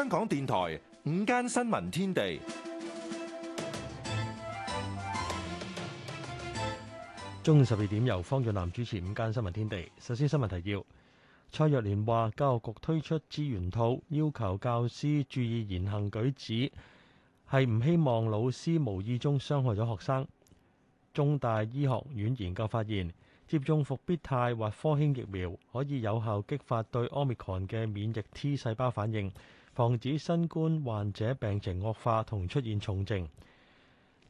香港電台午間新聞天地，中午十二點，由方俊南主持《午間新聞天地》。首先，新聞提要：蔡若蓮話，教育局推出資源套，要求教師注意言行舉止，係唔希望老師無意中傷害咗學生。中大醫學院研究發現，接種復必泰或科興疫苗可以有效激發對 Omicron 嘅免疫 T 細胞反應。防止新冠患者病情惡化同出現重症，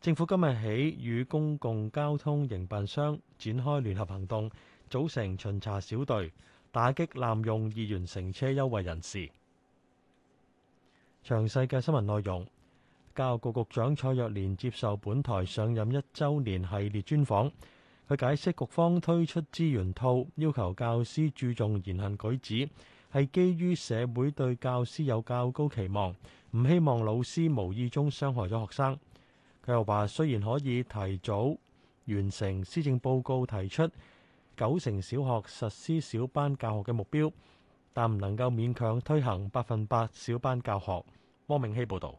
政府今日起與公共交通營辦商展開聯合行動，組成巡查小隊，打擊濫用二元乘車優惠人士。詳細嘅新聞內容，教育局局長蔡若蓮接受本台上任一週年系列專訪，佢解釋局方推出資源套，要求教師注重言行舉止。係基於社會對教師有較高期望，唔希望老師無意中傷害咗學生。佢又話：雖然可以提早完成施政報告提出九成小學實施小班教學嘅目標，但唔能夠勉強推行百分百小班教學。汪明希報導。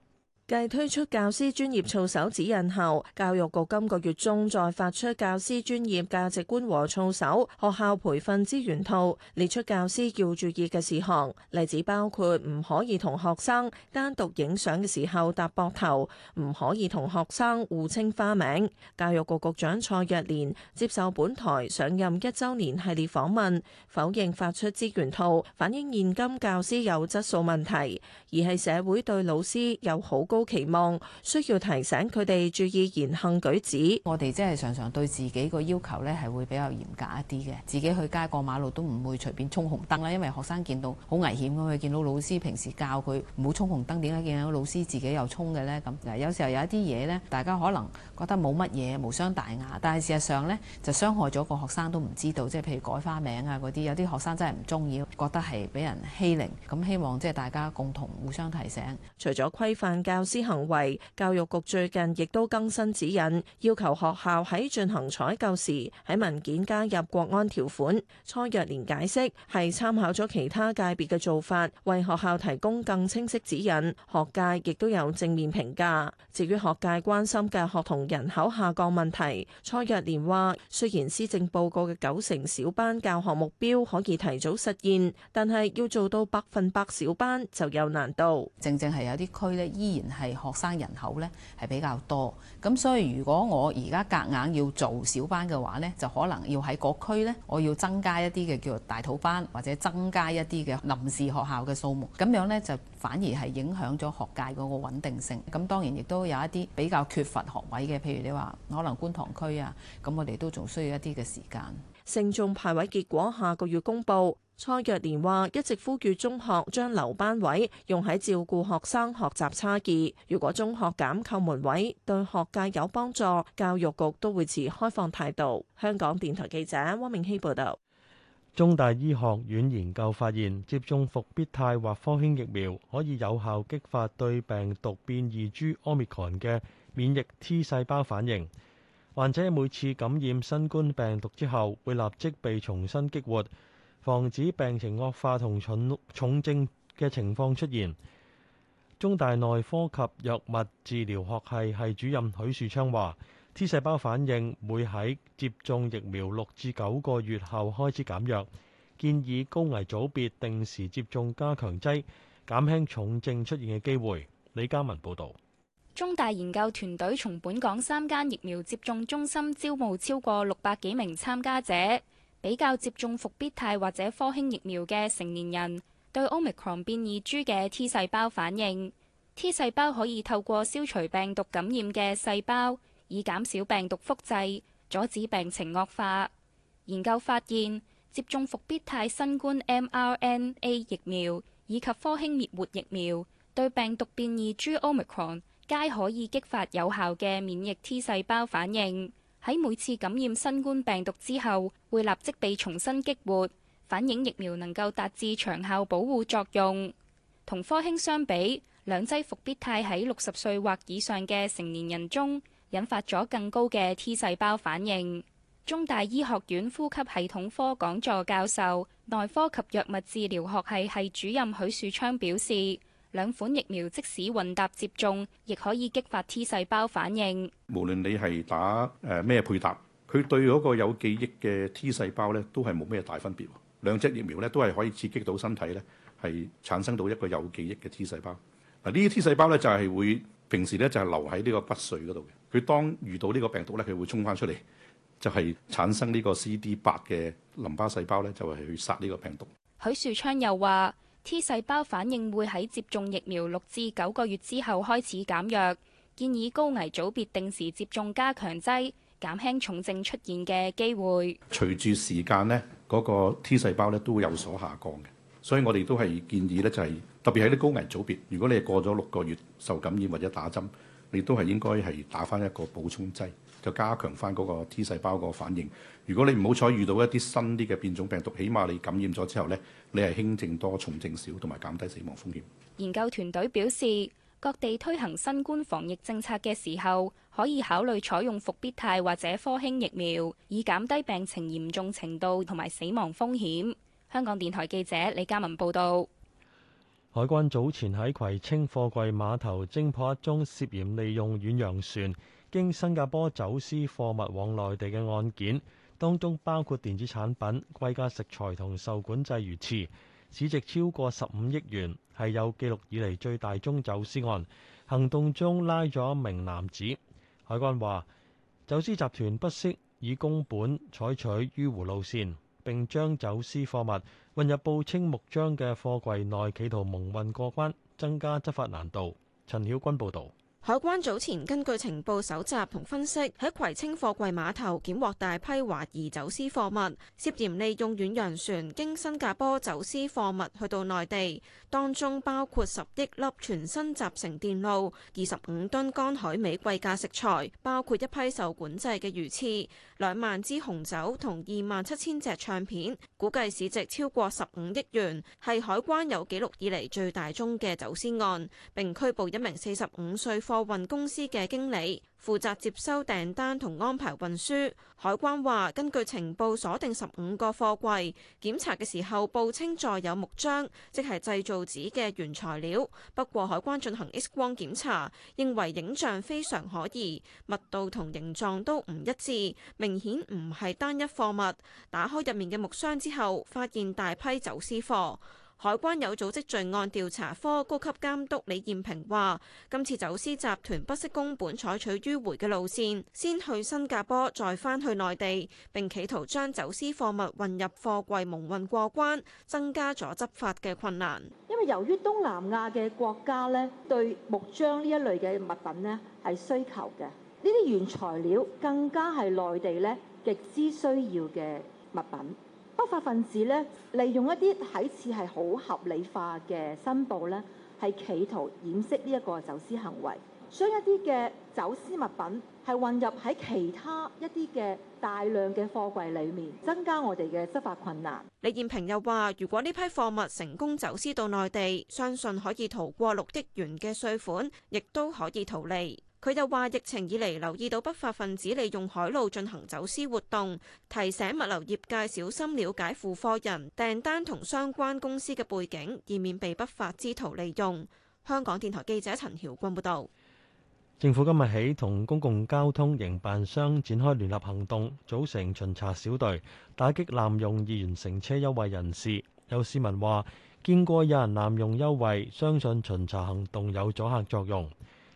繼推出教師專業操守指引後，教育局今個月中再發出教師專業價值觀和操守學校培訓資源套，列出教師要注意嘅事項，例子包括唔可以同學生單獨影相嘅時候搭膊頭，唔可以同學生互稱花名。教育局局長蔡若蓮接受本台上任一周年系列訪問，否認發出資源套反映現今教師有質素問題，而係社會對老師有好高。期望需要提醒佢哋注意言行舉止。我哋即係常常對自己個要求咧，係會比較嚴格一啲嘅。自己去街過馬路都唔會隨便衝紅燈啦，因為學生見到好危險嘅，見到老師平時教佢唔好衝紅燈，點解見到老師自己又衝嘅咧？咁有時候有一啲嘢咧，大家可能覺得冇乜嘢無傷大雅，但係事實上咧就傷害咗個學生都唔知道。即係譬如改花名啊嗰啲，有啲學生真係唔中意，覺得係俾人欺凌。咁希望即係大家共同互相提醒。除咗規範教之行為教育局最近亦都更新指引，要求學校喺進行採購時喺文件加入國安條款。蔡若蓮解釋係參考咗其他界別嘅做法，為學校提供更清晰指引。學界亦都有正面評價。至於學界關心嘅學童人口下降問題，蔡若蓮話，雖然施政報告嘅九成小班教學目標可以提早實現，但係要做到百分百小班就有難度。正正係有啲區呢依然。係學生人口呢係比較多，咁所以如果我而家夾硬要做小班嘅話呢，就可能要喺各區呢，我要增加一啲嘅叫做大肚班，或者增加一啲嘅臨時學校嘅數目，咁樣呢，就反而係影響咗學界嗰個穩定性。咁當然亦都有一啲比較缺乏學位嘅，譬如你話可能觀塘區啊，咁我哋都仲需要一啲嘅時間。升中派位結果下個月公布。蔡若蓮話：一直呼籲中學將留班位用喺照顧學生學習差異。如果中學減叩門位對學界有幫助，教育局都會持開放態度。香港電台記者汪明希報導。中大醫學院研究發現，接種復必泰或科興疫苗可以有效激發對病毒變異株 Omicron 嘅免疫 T 細胞反應。患者每次感染新冠病毒之後會立即被重新激活，防止病情惡化同重症嘅情況出現。中大內科及藥物治療學系系主任許樹昌話 T 細胞反應會喺接種疫苗六至九個月後開始減弱，建議高危組別定時接種加強劑減輕重症出現嘅機會，李嘉文報道。中大研究團隊從本港三間疫苗接種中心招募超過六百幾名參加者，比較接種復必泰或者科興疫苗嘅成年人對 Omicron 變異株嘅 T 細胞反應。T 細胞可以透過消除病毒感染嘅細胞，以減少病毒複製，阻止病情惡化。研究發現，接種復必泰新冠 mRNA 疫苗以及科興滅活疫苗對病毒變異株 Omicron。皆可以激發有效嘅免疫 T 細胞反應，喺每次感染新冠病毒之後，會立即被重新激活，反映疫苗能夠達至長效保護作用。同科興相比，兩劑復必泰喺六十歲或以上嘅成年人中，引發咗更高嘅 T 細胞反應。中大醫學院呼吸系統科講座教授、內科及藥物治療學系系主任許樹昌表示。兩款疫苗即使混搭接種，亦可以激發 T 細胞反應。無論你係打誒咩、呃、配搭，佢對嗰個有記憶嘅 T 細胞咧，都係冇咩大分別。兩隻疫苗咧都係可以刺激到身體咧，係產生到一個有記憶嘅 T 細胞。嗱呢啲 T 細胞咧就係、是、會平時咧就係、是、留喺呢個骨髓嗰度嘅。佢當遇到呢個病毒咧，佢會衝翻出嚟，就係、是、產生呢個 CD 八嘅淋巴細胞咧，就係、是、去殺呢個病毒。許樹昌又話。T 細胞反應會喺接種疫苗六至九個月之後開始減弱，建議高危組別定時接種加強劑，減輕重症出現嘅機會。隨住時間呢，嗰、那個 T 細胞咧都有所下降嘅，所以我哋都係建議呢、就是，就係特別喺啲高危組別，如果你係過咗六個月受感染或者打針，你都係應該係打返一個補充劑。就加強翻嗰個 T 細胞個反應。如果你唔好彩遇到一啲新啲嘅變種病毒，起碼你感染咗之後呢，你係輕症多、重症少，同埋減低死亡風險。研究團隊表示，各地推行新冠防疫政策嘅時候，可以考慮採用復必泰或者科興疫苗，以減低病情嚴重程度同埋死亡風險。香港電台記者李嘉文報道。海關早前喺葵青貨櫃碼頭偵破一宗涉嫌利用遠洋船，經新加坡走私貨物往內地嘅案件，當中包括電子產品、貴價食材同受管制魚翅，市值超過十五億元，係有紀錄以嚟最大宗走私案。行動中拉咗一名男子，海關話走私集團不惜以公本採取迂回路綫，並將走私貨物運入報稱木漿嘅貨櫃內，企圖蒙混過關，增加執法難度。陳曉君報道。海關早前根據情報搜集同分析，喺葵青貨櫃碼頭檢獲大批懷疑走私貨物，涉嫌利用遠洋船經新加坡走私貨物去到內地。當中包括十億粒全新集成電路、二十五噸乾海味貴價食材，包括一批受管制嘅魚翅、兩萬支紅酒同二萬七千隻唱片，估計市值超過十五億元，係海關有紀錄以嚟最大宗嘅走私案，並拘捕一名四十五歲貨運公司嘅經理負責接收訂單同安排運輸。海關話，根據情報鎖定十五個貨櫃，檢查嘅時候報稱載有木漿，即係製造紙嘅原材料。不過海關進行 X 光檢查，認為影像非常可疑，密度同形狀都唔一致，明顯唔係單一貨物。打開入面嘅木箱之後，發現大批走私貨。海關有組織罪案調查科高級監督李燕平話：今次走私集團不惜工本採取迂回嘅路線，先去新加坡再返去內地，並企圖將走私貨物運入貨櫃蒙混過關，增加咗執法嘅困難。因為由於東南亞嘅國家呢，對木漿呢一類嘅物品呢係需求嘅，呢啲原材料更加係內地呢極之需要嘅物品。不法分子咧，利用一啲睇似係好合理化嘅申報咧，係企圖掩飾呢一個走私行為，將一啲嘅走私物品係混入喺其他一啲嘅大量嘅貨櫃裏面，增加我哋嘅執法困難。李燕平又話，如果呢批貨物成功走私到內地，相信可以逃過六億元嘅稅款，亦都可以逃利。佢又話：疫情以嚟留意到不法分子利用海路進行走私活動，提醒物流業界小心了解付貨人、訂單同相關公司嘅背景，以免被不法之徒利用。香港電台記者陳曉君報導。政府今日起同公共交通營辦商展開聯合行動，組成巡查小隊，打擊濫用二元乘車優惠人士。有市民話：見過有人濫用優惠，相信巡查行動有阻嚇作用。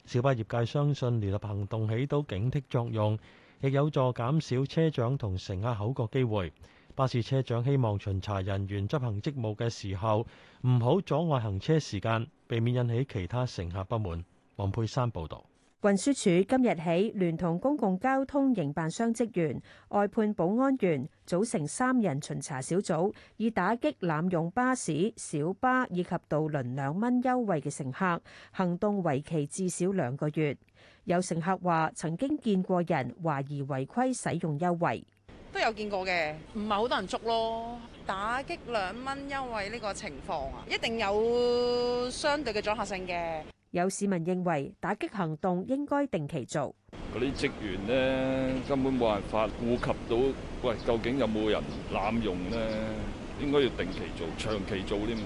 小巴業界相信聯合行動起到警惕作用，亦有助減少車長同乘客口角機會。巴士車長希望巡查人員執行職務嘅時候，唔好阻礙行車時間，避免引起其他乘客不滿。黃佩珊報導。運輸署今日起，聯同公共交通營辦商職員、外判保安員組成三人巡查小組，以打擊濫用巴士、小巴以及渡輪兩蚊優惠嘅乘客。行動為期至少兩個月。有乘客話，曾經見過人懷疑違規使用優惠，都有見過嘅，唔係好多人捉咯。打擊兩蚊優惠呢個情況啊，一定有相對嘅阻嚇性嘅。有市民認為，打擊行動應該定期做。嗰啲職員咧，根本冇辦法顧及到，喂，究竟有冇人濫用咧？應該要定期做，長期做啲。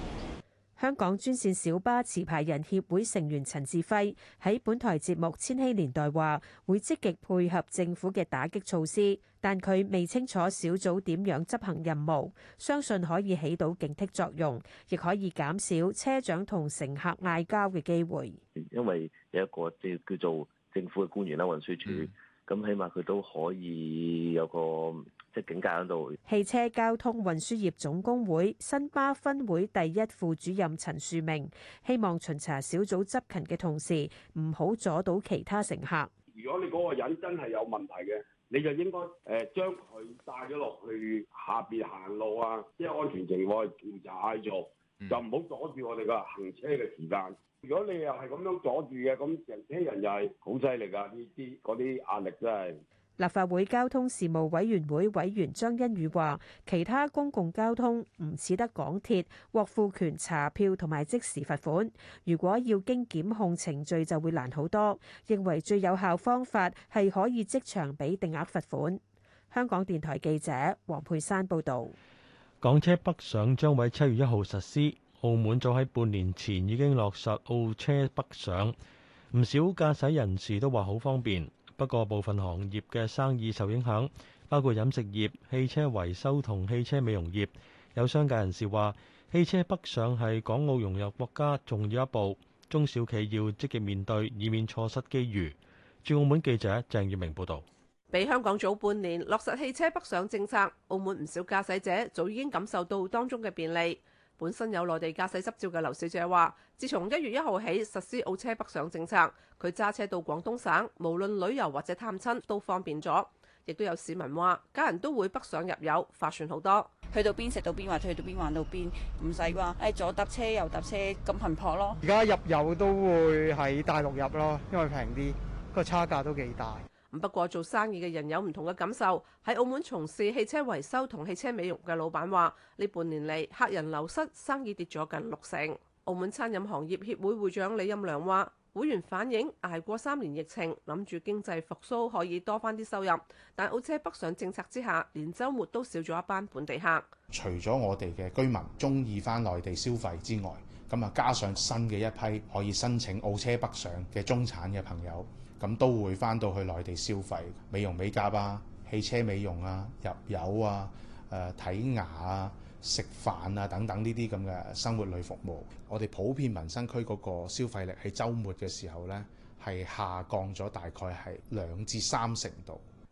香港專線小巴持牌人協會成員陳志輝喺本台節目《千禧年代》話會積極配合政府嘅打擊措施，但佢未清楚小組點樣執行任務，相信可以起到警惕作用，亦可以減少車長同乘客嗌交嘅機會，因為有一個即叫做政府嘅官員啦，運輸署，咁起碼佢都可以有個。即警戒喺度。汽車交通運輸業總工會新巴分會第一副主任陳樹明希望巡查小組執勤嘅同時唔好阻到其他乘客。如果你嗰個人真係有問題嘅，你就應該誒將佢帶咗落去下邊行路啊，即係安全情況調查協助，就唔好阻住我哋嘅行車嘅時間。如果你又係咁樣阻住嘅，咁人車人又係好犀利㗎，呢啲嗰啲壓力真係。立法會交通事務委員會委員張欣宇話，其他公共交通唔似得港鐵獲賦權查票同埋即時罰款，如果要經檢控程序就會難好多。認為最有效方法係可以即場俾定額罰款。香港電台記者黃佩珊報導。港車北上將喺七月一號實施，澳門早喺半年前已經落實澳車北上，唔少駕駛人士都話好方便。不過，部分行業嘅生意受影響，包括飲食業、汽車維修同汽車美容業。有商界人士話：汽車北上係港澳融入國家重要一步，中小企要積極面對，以免錯失機遇。駐澳門記者鄭月明報導。比香港早半年落實汽車北上政策，澳門唔少駕駛者早已經感受到當中嘅便利。本身有內地駕駛執照嘅劉小姐話，自從一月一號起實施澳車北上政策，佢揸車到廣東省，無論旅遊或者探親都方便咗。亦都有市民話，家人都會北上入油，划算好多。去到邊食到邊，或去到邊玩到邊，唔使話誒左搭車右搭車咁頻撲咯。而家入油都會喺大陸入咯，因為平啲，個差價都幾大。不過做生意嘅人有唔同嘅感受。喺澳門從事汽車維修同汽車美容嘅老闆話：呢半年嚟，客人流失，生意跌咗近六成。澳門餐飲行業協會會長李蔭良話：會員反映捱過三年疫情，諗住經濟復蘇可以多返啲收入，但澳車北上政策之下，連週末都少咗一班本地客。除咗我哋嘅居民中意返內地消費之外。咁啊，加上新嘅一批可以申請澳車北上嘅中產嘅朋友，咁都會翻到去內地消費，美容美甲啊、汽車美容啊、入油啊、誒睇牙啊、食飯啊等等呢啲咁嘅生活類服務，我哋普遍民生區嗰個消費力喺週末嘅時候呢，係下降咗大概係兩至三成度。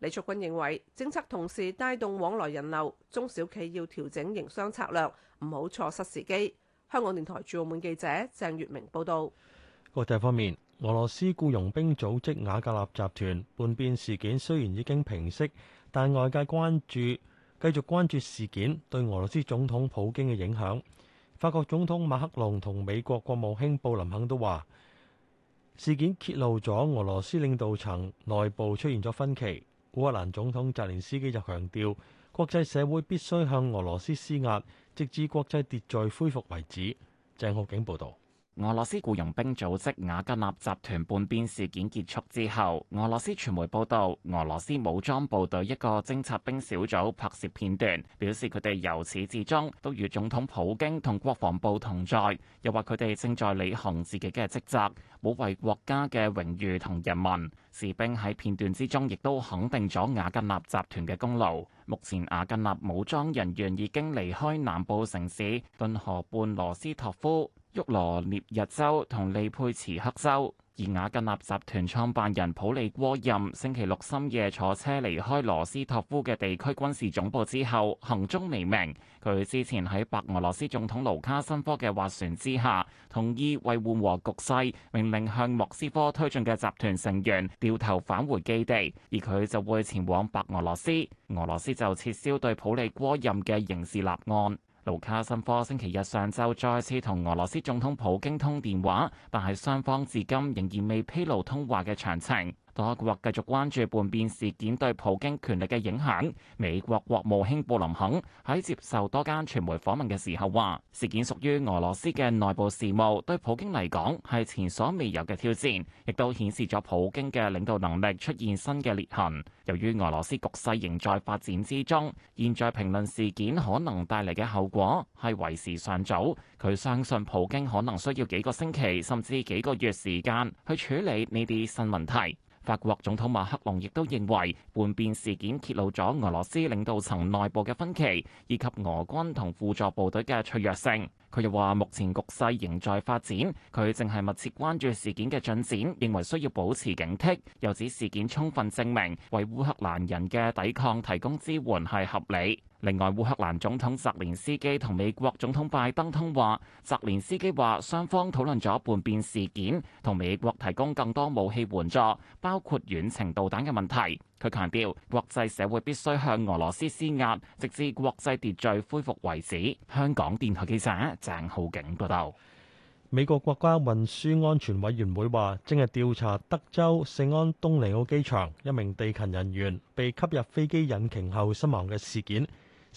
李卓君認為，政策同時帶動往來人流，中小企要調整營商策略，唔好錯失時機。香港電台駐澳門記者鄭月明報導。國際方面，俄羅斯僱傭兵組織瓦格納集團叛變事件雖然已經平息，但外界關注繼續關注事件對俄羅斯總統普京嘅影響。法國總統馬克龍同美國國務卿布林肯都話，事件揭露咗俄羅斯領導層內部出現咗分歧。烏克蘭總統澤連斯基就強調，國際社會必須向俄羅斯施壓，直至國際秩序恢復為止。鄭浩景報道。俄羅斯僱傭兵組織瓦格納集團叛變事件結束之後，俄羅斯傳媒報道，俄羅斯武裝部隊一個偵察兵小組拍攝片段，表示佢哋由始至終都與總統普京同國防部同在，又話佢哋正在履行自己嘅職責，保衛國家嘅榮譽同人民。士兵喺片段之中亦都肯定咗瓦格納集團嘅功勞。目前瓦格納武裝人員已經離開南部城市頓河畔羅斯托夫、沃羅涅日州同利佩茨克州，而瓦格納集團創辦人普利戈任星期六深夜坐車離開羅斯托夫嘅地區軍事總部之後，行蹤未明。佢之前喺白俄羅斯總統盧卡申科嘅斡旋之下，同意為緩和局勢，命令向莫斯科推進嘅集團成員掉頭返回基地，而佢就會前往白俄羅斯。俄羅斯就撤銷對普利戈任嘅刑事立案。盧卡申科星期日上晝再次同俄羅斯總統普京通電話，但係雙方至今仍然未披露通話嘅詳情。多國繼續關注叛變事件對普京權力嘅影響。美國國務卿布林肯喺接受多間傳媒訪問嘅時候話，事件屬於俄羅斯嘅內部事務，對普京嚟講係前所未有嘅挑戰，亦都顯示咗普京嘅領導能力出現新嘅裂痕。由於俄羅斯局勢仍在發展之中，現在評論事件可能帶嚟嘅後果係為時尚早。佢相信普京可能需要幾個星期甚至幾個月時間去處理呢啲新問題。法國總統馬克龍亦都認為叛變事件揭露咗俄羅斯領導層內部嘅分歧，以及俄軍同輔助部隊嘅脆弱性。佢又話目前局勢仍在發展，佢淨係密切關注事件嘅進展，認為需要保持警惕。又指事件充分證明為烏克蘭人嘅抵抗提供支援係合理。另外，烏克蘭總統澤連斯基同美國總統拜登通話。澤連斯基話，雙方討論咗叛變事件同美國提供更多武器援助，包括遠程導彈嘅問題。佢強調，國際社會必須向俄羅斯施壓，直至國際秩序恢復為止。香港電台記者鄭浩景報道。美國國家運輸安全委員會話，正喺調查德州聖安東尼奧機場一名地勤人員被吸入飛機引擎後身亡嘅事件。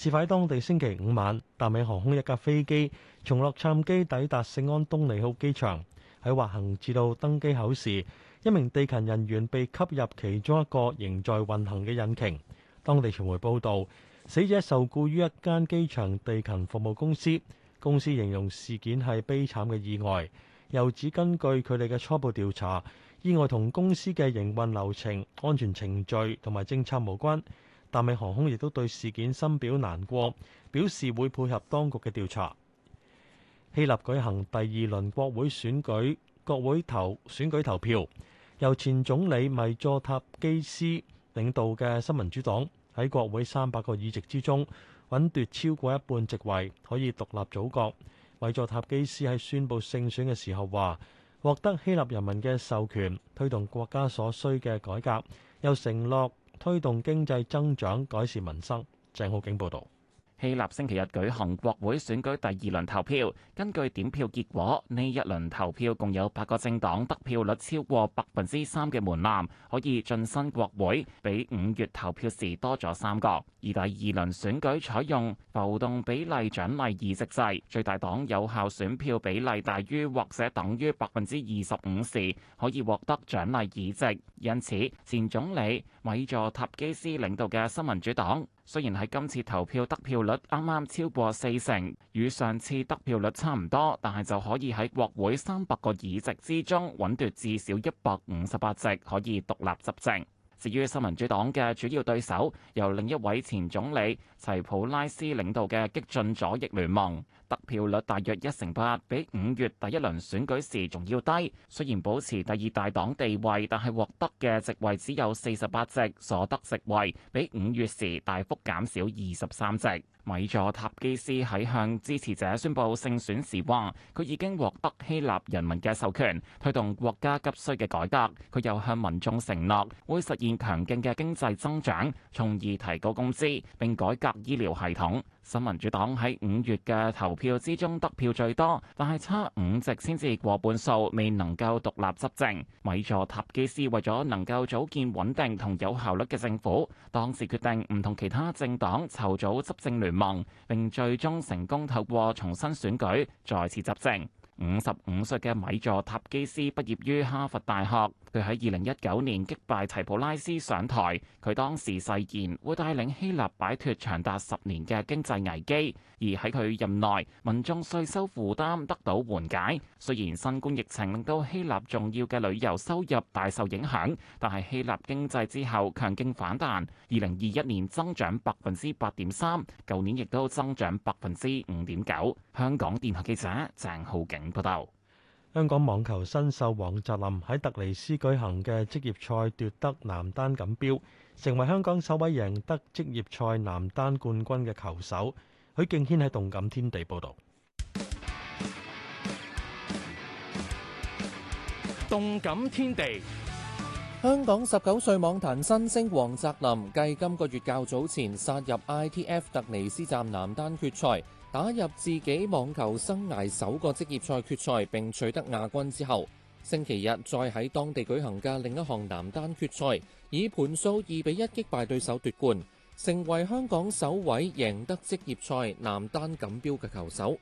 事發喺當地星期五晚，達美航空一架飛機從洛杉磯抵達聖安東尼奧機場，喺滑行至到登機口時，一名地勤人員被吸入其中一個仍在運行嘅引擎。當地傳媒報道，死者受僱於一間機場地勤服務公司，公司形容事件係悲慘嘅意外，又指根據佢哋嘅初步調查，意外同公司嘅營運流程、安全程序同埋政策無關。達美航空亦都對事件深表難過，表示會配合當局嘅調查。希臘舉行第二輪國會選舉，國會投選舉投票，由前總理米佐塔基斯領導嘅新民主黨喺國會三百個議席之中，穩奪超過一半席位，可以獨立組閣。米佐塔基斯喺宣布勝選嘅時候話：獲得希臘人民嘅授權，推動國家所需嘅改革，又承諾，推動經濟增長，改善民生。鄭浩景報導。希臘星期日舉行國會選舉第二輪投票，根據點票結果，呢一輪投票共有八個政黨得票率超過百分之三嘅門檻，可以晉身國會，比五月投票時多咗三個。而第二輪選舉採用浮動比例獎勵議席制，最大黨有效選票比例大於或者等於百分之二十五時，可以獲得獎勵議席。因此，前總理米佐塔基斯領導嘅新民主黨，雖然喺今次投票得票率啱啱超過四成，與上次得票率差唔多，但係就可以喺國會三百個議席之中穩奪至少一百五十八席，可以獨立執政。至於新民主黨嘅主要對手，由另一位前總理齊普拉斯領導嘅激進左翼聯盟。得票率大約一成八，比五月第一輪選舉時仲要低。雖然保持第二大黨地位，但係獲得嘅席位只有四十八席，所得席位比五月時大幅減少二十三席。米佐塔基斯喺向支持者宣布勝選時話，佢已經獲得希臘人民嘅授權，推動國家急需嘅改革。佢又向民眾承諾，會實現強勁嘅經濟增長，從而提高工資，並改革醫療系統。新民主黨喺五月嘅投票之中得票最多，但係差五席先至過半數，未能夠獨立執政。米佐塔基斯為咗能夠組建穩定同有效率嘅政府，當時決定唔同其他政黨籌組執政聯盟，並最終成功透過重新選舉再次執政。五十五歲嘅米佐塔基斯畢業於哈佛大學，佢喺二零一九年擊敗齊普拉斯上台，佢當時誓言會帶領希臘擺脫長達十年嘅經濟危機，而喺佢任內，民眾稅收負擔得到緩解。雖然新冠疫情令到希臘重要嘅旅遊收入大受影響，但係希臘經濟之後強勁反彈，二零二一年增長百分之八點三，舊年亦都增長百分之五點九。香港電台記者鄭浩景。香港網球新秀王澤林喺特尼斯舉行嘅職業賽奪得男單錦標，成為香港首位贏得職業賽男單冠軍嘅球手。許敬軒喺動感天地報道。動感天地，天地香港十九歲網壇新星王澤林繼今個月較早前殺入 ITF 特尼斯站男單決賽。打入自己網球生涯首個職業賽決賽，並取得亞軍之後，星期日再喺當地舉行嘅另一項男單決賽，以盤數二比一擊敗對手奪冠，成為香港首位贏得職業賽男單錦標嘅球手。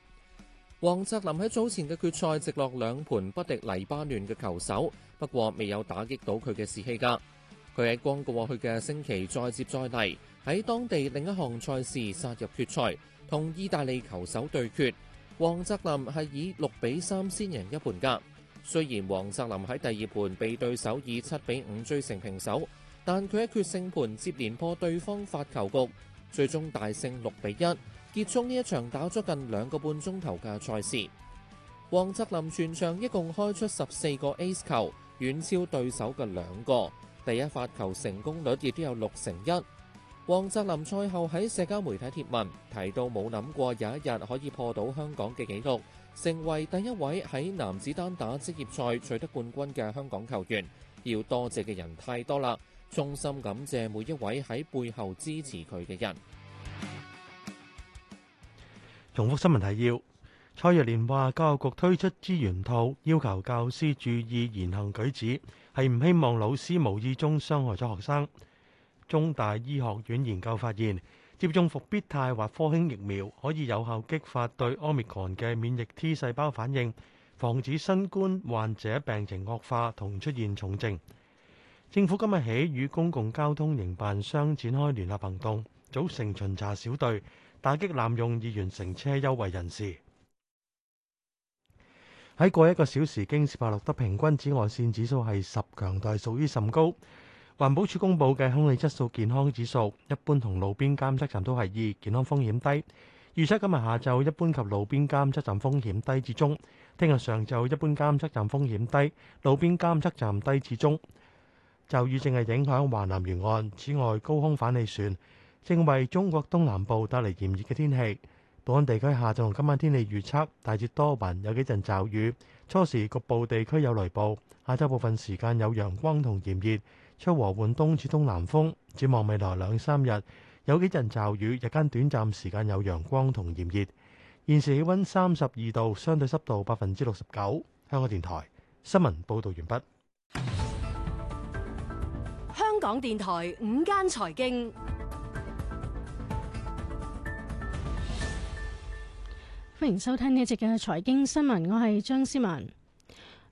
王澤林喺早前嘅決賽直落兩盤不敵黎巴嫩嘅球手，不過未有打擊到佢嘅士氣噶。佢喺剛過去嘅星期再接再厲，喺當地另一項賽事殺入決賽，同意大利球手對決。王澤林係以六比三先贏一盤㗎。雖然王澤林喺第二盤被對手以七比五追成平手，但佢喺決勝盤接連破對方發球局，最終大勝六比一，結束呢一場打咗近兩個半鐘頭嘅賽事。王澤林全場一共開出十四個 Ace 球，遠超對手嘅兩個。第一發球成功率亦都有六成一。王澤林賽後喺社交媒體貼文提到，冇諗過有一日可以破到香港嘅紀錄，成為第一位喺男子單打職業賽取得冠軍嘅香港球員。要多謝嘅人太多啦，衷心感謝每一位喺背後支持佢嘅人。重複新聞提要：蔡若蓮話，教育局推出資源套，要求教師注意言行舉止。係唔希望老師無意中傷害咗學生。中大醫學院研究發現，接種復必泰或科興疫苗可以有效激發對 Omicron 嘅免疫 T 細胞反應，防止新冠患者病情惡化同出現重症。政府今日起與公共交通營辦商展開聯合行動，組成巡查小隊，打擊濫用二元乘車優惠人士。喺過一個小時，京士柏錄得平均紫外線指數係十，強度屬於甚高。環保署公布嘅空氣質素健康指數，一般同路邊監測站都係二，健康風險低。預測今日下晝一般及路邊監測站風險低至中，聽日上晝一般監測站風險低，路邊監測站低至中。驟雨正係影響華南沿岸，此外高空反氣旋正為中國東南部帶嚟炎熱嘅天氣。本港地區下晝同今晚天氣預測大致多雲，有幾陣驟雨，初時局部地區有雷暴。下晝部分時間有陽光同炎熱，吹和緩東至東南風。展望未來兩三日，有幾陣驟雨，日間短暫時間有陽光同炎熱。現時氣温三十二度，相對濕度百分之六十九。香港電台新聞報道完畢。香港電台午間財經。歡迎收聽呢一節嘅財經新聞，我係張思文。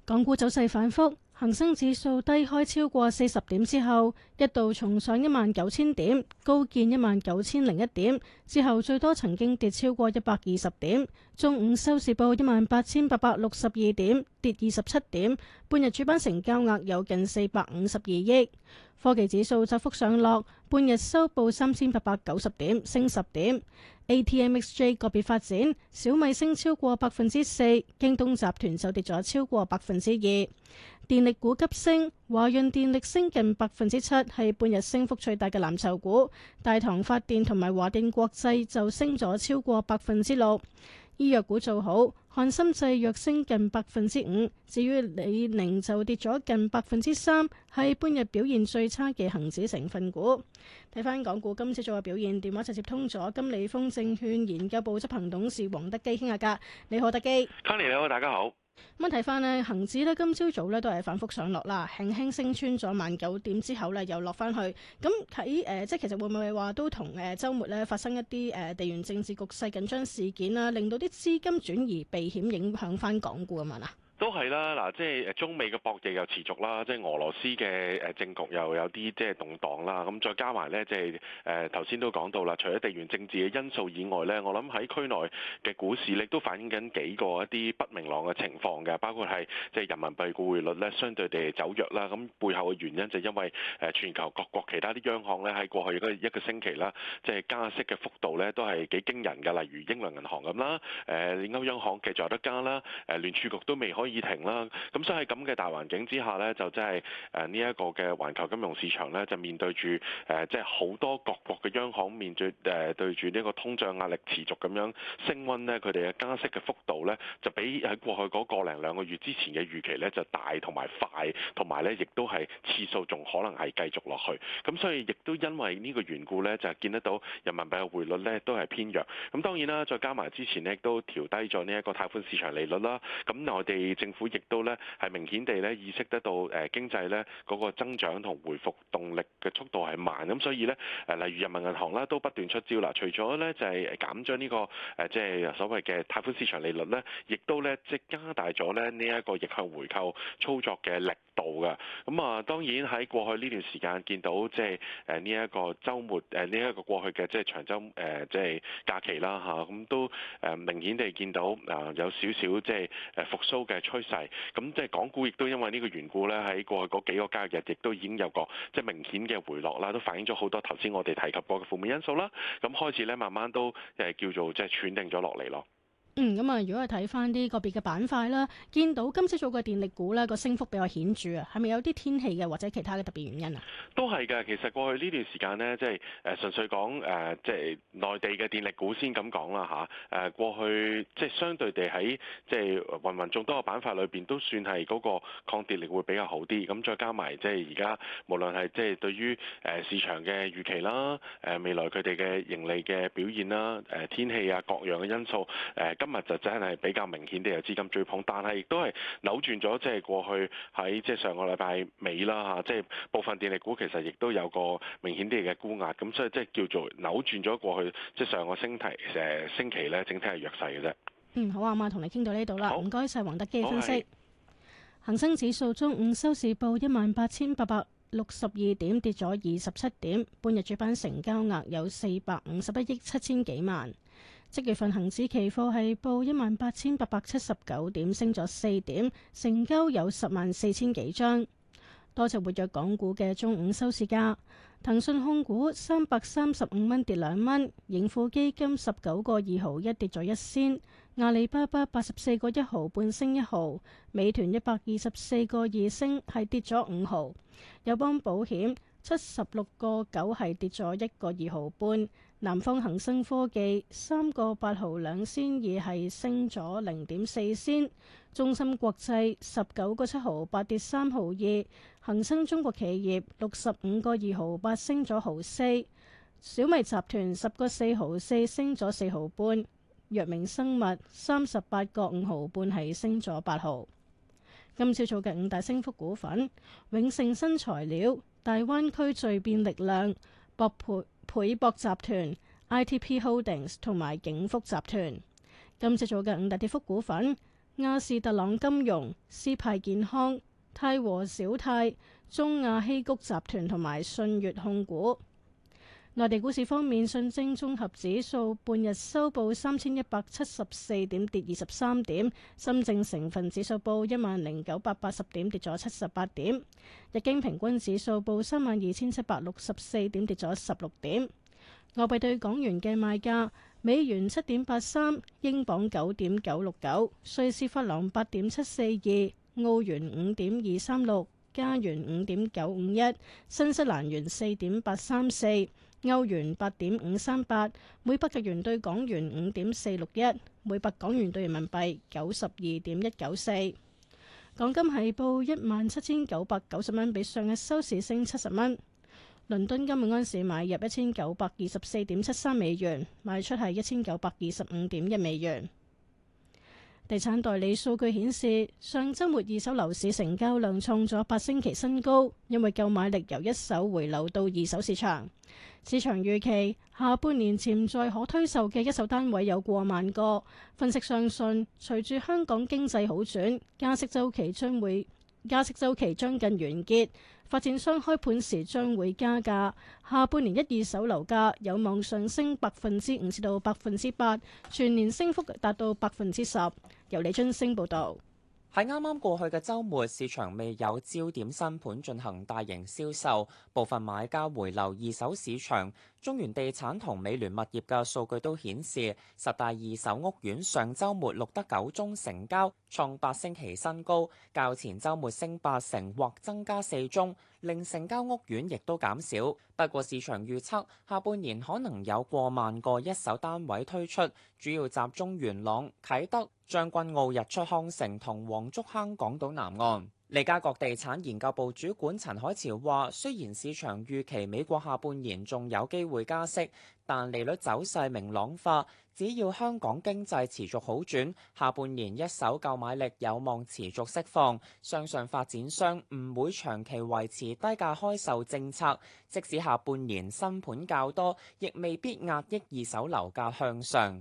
港股走勢反復，恒生指數低開超過四十點之後，一度重上一萬九千點，高見一萬九千零一點，之後最多曾經跌超過一百二十點。中午收市報一萬八千八百六十二點，跌二十七點。半日主板成交額有近四百五十二億。科技指數窄幅上落，半日收報三千八百九十點，升十點。ATM XJ 個別發展，小米升超過百分之四，京東集團就跌咗超過百分之二。電力股急升，華潤電力升近百分之七，係半日升幅最大嘅藍籌股。大唐發電同埋華電國際就升咗超過百分之六。醫藥股做好。瀚森製藥升近百分之五，至於李寧就跌咗近百分之三，係半日表現最差嘅恒指成分股。睇返港股今朝早嘅表現，電話就接通咗金利豐證券研究部執行董事黃德基傾下偈。你好，德基。Tony，你好，大家好。問題翻咧，恒指咧，今朝早咧都係反覆上落啦，輕輕升穿咗萬九點之後咧又落翻去。咁睇，誒、呃，即係其實會唔會話都同誒周末咧發生一啲誒地緣政治局勢緊張事件啦，令到啲資金轉移避險，影響翻港股咁啊？都係啦，嗱，即係誒中美嘅博弈又持續啦，即係俄羅斯嘅誒政局又有啲即係動盪啦，咁再加埋咧，即係誒頭先都講到啦，除咗地緣政治嘅因素以外咧，我諗喺區內嘅股市亦都反映緊幾個一啲不明朗嘅情況嘅，包括係即係人民幣嘅匯率咧相對地走弱啦，咁背後嘅原因就因為誒全球各國其他啲央行咧喺過去一個一個星期啦，即係加息嘅幅度咧都係幾驚人㗎，例如英倫銀行咁啦，誒歐央行繼續有得加啦，誒聯儲局都未開議停啦，咁所以喺咁嘅大環境之下呢，就真係誒呢一個嘅環球金融市場呢，就面對住誒即係好多各國嘅央行面對誒對住呢個通脹壓力持續咁樣升溫呢，佢哋嘅加息嘅幅度呢，就比喺過去嗰個零兩個月之前嘅預期呢，就大同埋快，同埋呢亦都係次數仲可能係繼續落去。咁所以亦都因為呢個緣故呢，就係見得到人民幣嘅匯率呢，都係偏弱。咁當然啦，再加埋之前呢，都調低咗呢一個貸款市場利率啦，咁我哋。政府亦都咧係明顯地咧意識得到誒經濟咧嗰個增長同回復動力嘅速度係慢，咁所以咧誒例如人民銀行啦，都不斷出招啦，除咗咧就係減將呢個誒，即係所謂嘅貸款市場利率咧，亦都咧即係加大咗咧呢一個逆向回購操作嘅力度嘅。咁啊，當然喺過去呢段時間見到即係誒呢一個周末，誒呢一個過去嘅即係長周，誒，即係假期啦，吓，咁都誒明顯地見到啊，有少少即係誒復蘇嘅。趨勢，咁即係港股亦都因為呢個緣故咧，喺過去嗰幾個交易日，亦都已經有個即係明顯嘅回落啦，都反映咗好多頭先我哋提及過嘅負面因素啦，咁開始咧慢慢都誒叫做即係斷定咗落嚟咯。嗯，咁啊，如果係睇翻啲個別嘅板塊啦，見到今次做嘅電力股咧個升幅比較顯著啊，係咪有啲天氣嘅或者其他嘅特別原因啊？都係嘅，其實過去呢段時間呢，即係誒純粹講誒，即、呃、係、就是、內地嘅電力股先咁講啦嚇。誒、啊、過去即係、就是、相對地喺即係芸芸眾多嘅板塊裏邊，都算係嗰個抗跌力會比較好啲。咁再加埋即係而家無論係即係對於誒、呃、市場嘅預期啦，誒、呃、未來佢哋嘅盈利嘅表現啦，誒、呃、天氣啊各樣嘅因素誒、呃今日就真係比較明顯啲有資金追捧，但係亦都係扭轉咗，即係過去喺即係上個禮拜尾啦嚇，即係部分電力股其實亦都有個明顯啲嘅估壓，咁所以即係叫做扭轉咗過去即係上個星期誒星期咧整體係弱勢嘅啫。嗯，好啊，咁啊，同你傾到呢度啦，唔該晒，黃德基分析。恒生指數中午收市報一萬八千八百六十二點，跌咗二十七點，半日主板成交額有四百五十一億七千幾萬。即月份恒指期貨係報一萬八千八百七十九點，升咗四點，成交有十萬四千幾張。多隻活躍港股嘅中午收市價，騰訊控股三百三十五蚊跌兩蚊，盈富基金十九個二毫一跌咗一仙，阿里巴巴八十四個一毫半升一毫，美團一百二十四個二升係跌咗五毫，友邦保險七十六個九係跌咗一個二毫半。南方恒生科技三個八毫兩仙二係升咗零點四仙，中芯國際十九個七毫八跌三毫二，恒生中國企業六十五個二毫八升咗毫四，小米集團十個四毫四升咗四毫半，藥明生物三十八個五毫半係升咗八毫。今朝早嘅五大升幅股份：永盛新材料、大灣區聚變力量、博倍。倍博集團、ITP Holdings 同埋景福集團，今次做嘅五大跌幅股份：亞士特朗金融、斯派健康、泰和小泰、中亞希谷集團同埋信越控股。內地股市方面，上證綜合指數半日收報三千一百七十四點，跌二十三點；深證成分指數報一萬零九百八十點，跌咗七十八點；日經平均指數報三萬二千七百六十四點，跌咗十六點。外幣兌港元嘅賣價：美元七點八三，英鎊九點九六九，瑞士法郎八點七四二，澳元五點二三六，加元五點九五一，新西蘭元四點八三四。歐元八點五三八，每百日元兌港元五點四六一，每百港元兌人民幣九十二點一九四。港金係報一萬七千九百九十蚊，比上日收市升七十蚊。倫敦金每安士買入一千九百二十四點七三美元，賣出係一千九百二十五點一美元。地產代理數據顯示，上週末二手樓市成交量創咗八星期新高，因為購買力由一手回流到二手市場。市場預期下半年潛在可推售嘅一手單位有過萬個。分析相信，隨住香港經濟好轉，加息週期將會，加息週期將近完結。發展商開盤時將會加價，下半年一二手樓價有望上升百分之五至到百分之八，全年升幅達到百分之十。由李津星報導。喺啱啱過去嘅週末，市場未有焦點新盤進行大型銷售，部分買家回流二手市場。中原地產同美聯物業嘅數據都顯示，十大二手屋苑上週末錄得九宗成交，創八星期新高，較前週末升八成或增加四宗，令成交屋苑亦都減少。不過，市場預測下半年可能有過萬個一手單位推出，主要集中元朗、啟德、將軍澳、日出康城同黃竹坑港島南岸。利嘉閣地產研究部主管陳海潮話，雖然市場預期美國下半年仲有機會加息，但利率走勢明朗化，只要香港經濟持續好轉，下半年一手購買力有望持續釋放，相信發展商唔會長期維持低價開售政策，即使下半年新盤較多，亦未必壓抑二手樓價向上。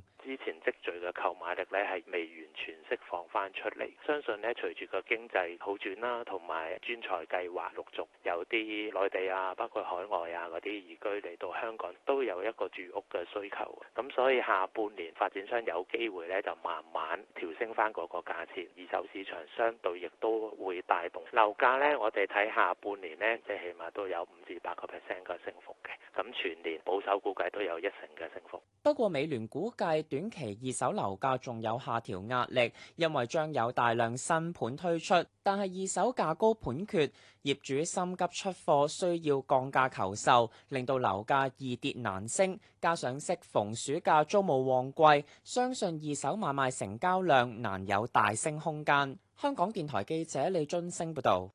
購買力咧係未完全釋放翻出嚟，相信咧隨住個經濟好轉啦，同埋專才計劃陸續有啲內地啊，包括海外啊嗰啲移居嚟到香港，都有一個住屋嘅需求。咁所以下半年發展商有機會咧就慢慢調升翻嗰個價錢，二手市場相對亦都會帶動樓價咧。我哋睇下半年咧，即係起碼都有五至八個 percent 嘅升幅嘅。咁全年保守估計都有一成嘅升幅。不過美聯估計短期二手樓樓價仲有下調壓力，因為將有大量新盤推出，但係二手價高盤缺，業主心急出貨，需要降價求售，令到樓價易跌難升。加上適逢暑假租務旺季，相信二手買賣成交量難有大升空間。香港電台記者李俊升報道。